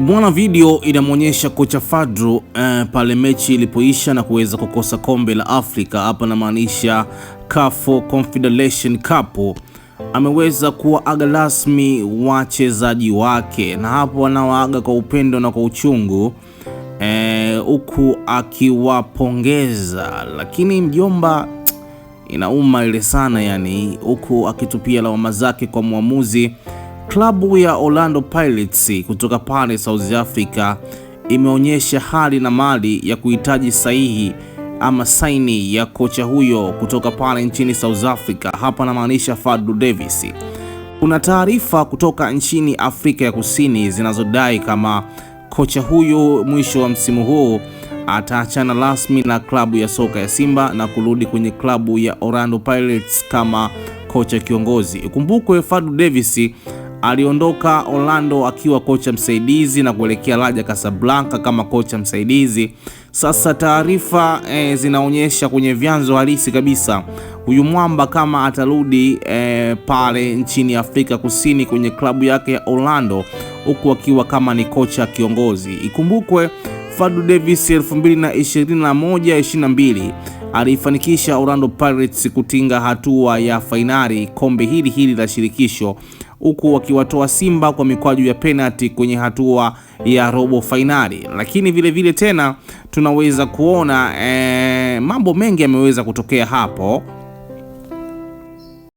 Bwana, video inamwonyesha kocha fadru eh, pale mechi ilipoisha na kuweza kukosa kombe la Afrika. Hapa namaanisha CAF Confederation Cup. Ameweza kuwaaga rasmi wachezaji wake, na hapo anawaaga kwa upendo na kwa uchungu eh, huku eh, akiwapongeza, lakini mjomba, inauma ile sana yani, huku akitupia lawama zake kwa mwamuzi Klabu ya Orlando Pirates kutoka pale South Africa imeonyesha hali na mali ya kuhitaji sahihi ama saini ya kocha huyo kutoka pale nchini South Africa. Hapa namaanisha Fadlu Davis. Kuna taarifa kutoka nchini Afrika ya Kusini zinazodai kama kocha huyo mwisho wa msimu huu ataachana rasmi na klabu ya soka ya Simba na kurudi kwenye klabu ya Orlando Pirates kama kocha kiongozi. Ikumbukwe Fadlu Davis Aliondoka Orlando akiwa kocha msaidizi na kuelekea Raja Casablanca kama kocha msaidizi. Sasa taarifa e, zinaonyesha kwenye vyanzo halisi kabisa huyu mwamba kama atarudi e, pale nchini Afrika Kusini kwenye klabu yake ya Orlando huku akiwa kama ni kocha kiongozi. Ikumbukwe Fadu Davis 2021 22 aliifanikisha Orlando Pirates kutinga hatua ya fainali kombe hili hili la shirikisho huku wakiwatoa Simba kwa mikwaju ya penalti kwenye hatua ya robo fainali. Lakini vile vile tena tunaweza kuona e, mambo mengi yameweza kutokea hapo.